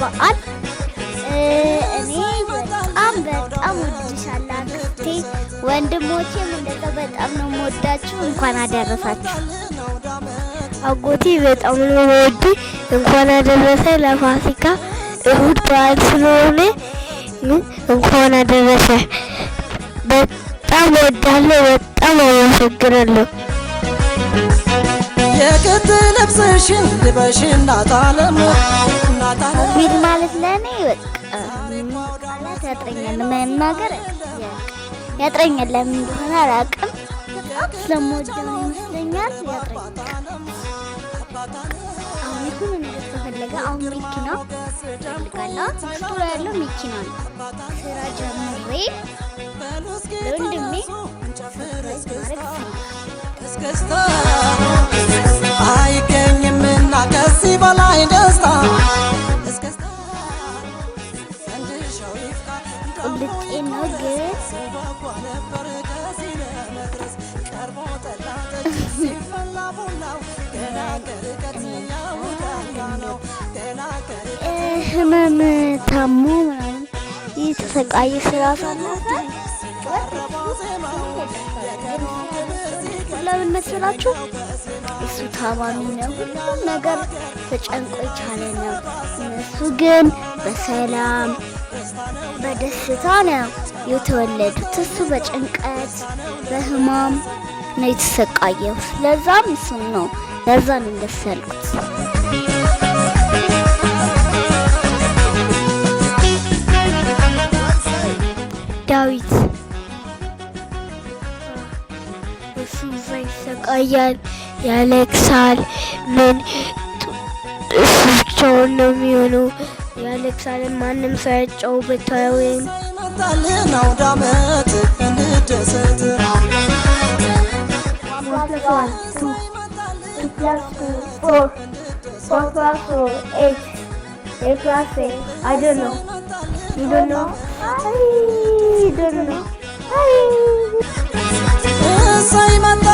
በዓል እኔ በጣም በጣም ወድሻለሁ አክስቴ። ወንድሞቼም እንደዛ በጣም ነው የምወዳችሁ። እንኳን አደረሳችሁ። አጎቴ በጣም ነው ወድ እንኳን አደረሰ ለፋሲካ እሁድ በዓል ስለሆነ እንኳን አደረሰ። በጣም ወዳለሁ፣ በጣም አመሰግናለሁ። የክት ልብስሽን ልበሽ እናት አለም ቢድ ማለት ለእኔ በቃ ያጥረኛል፣ መናገር ያጥረኛል። ለምን እንደሆነ አላውቅም። ስለምወደው ይመስለኛል ያጥረኛል። አሁን የሆነ ነገር ተፈለገ። አሁን መኪና ፈልጋላ ላይ ያለው ነው። ስራ ጀምሬ ለወንድሜ አይገኝምና ከዚህ በላይ ደስታ ልቄ ነው ግን ህመም ታሞ ምናምን የተሰቃየ ስላሳለፈ ለምን መስላችሁ? እሱ ታማሚ ነው። ሁሉም ነገር ተጨንቆ የቻለ ነው። እነሱ ግን በሰላም በደስታ ነው የተወለዱት። እሱ በጭንቀት በህማም ነው የተሰቃየው። ለዛም እሱም ነው ለዛ እንደሰልኩት ዳዊት እሱ እዛ ይሰቃያል፣ ያለቅሳል። ምን እሱ ብቻውን ነው የሚሆነው ያለቅሳል ማንም ሳያጫው ብታዩኝ ሳይመጣልን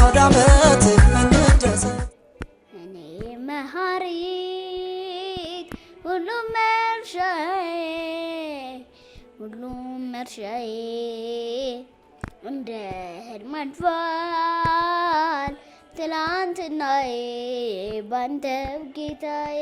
ወደ አመት ሁሉም መርሻዬ እንደ ህልም አድፏል ትላንትናዬ ባንተብ ጌታዬ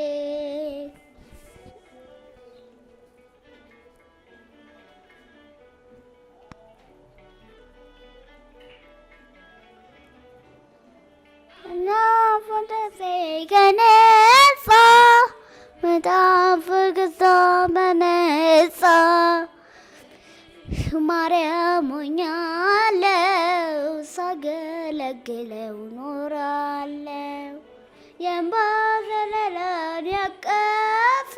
ሳገለግለው ኖራለው የእምባ ዘለላን ያቀፈ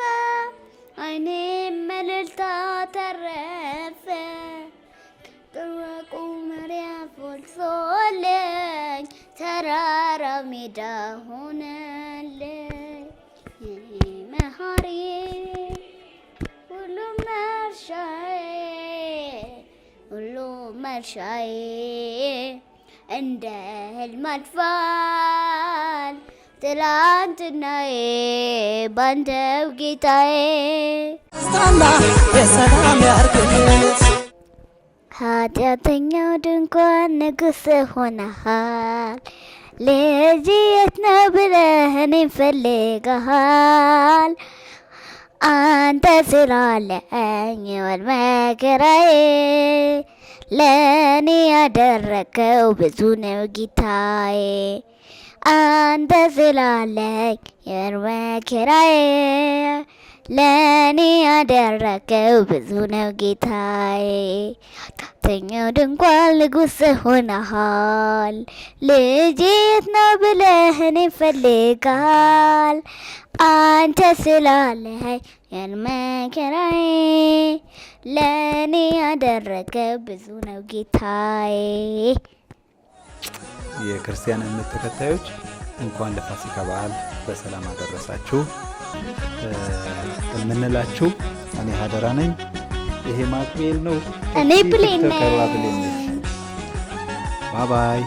አይኔም መልልታ ተረፈ ጥዋቁ መሪያ ፎልሶለኝ ተራራ ሜዳ ሆነለኝ መሀሪ ሁሉም መርሻዬ ሁሉም መርሻዬ እንደ ህልም አልፏል ትላንትናዬ ባንተው ጌታዬ ኃጢአተኛው ድንኳን ንጉሥ ሆነሃል ልጅ የት ነው ብለህ እኔን ፈልገሃል አንተ ስላለኝ ወል መከራዬ ለእኔ ያደረከው ብዙ ነው ጌታዬ፣ አንተ ስላለኝ የእርሜ ለእኔ ያደረገው ብዙ ነው ጌታዬ። አራተኛው ድንኳን ንጉሥ ሆነሃል። ልጄ የት ነው ብለህ እኔን ፈልጋል። አንተ ስላለኸኝ ያን መከራዬ ለእኔ ያደረገው ብዙ ነው ጌታዬ። የክርስቲያን እምነት ተከታዮች እንኳን ለፋሲካ በዓል በሰላም አደረሳችሁ። የምንላችሁ እኔ ሀደራ ነኝ። ይሄ ማክቤል ነው። እኔ ብሌን ነኝ። ባባይ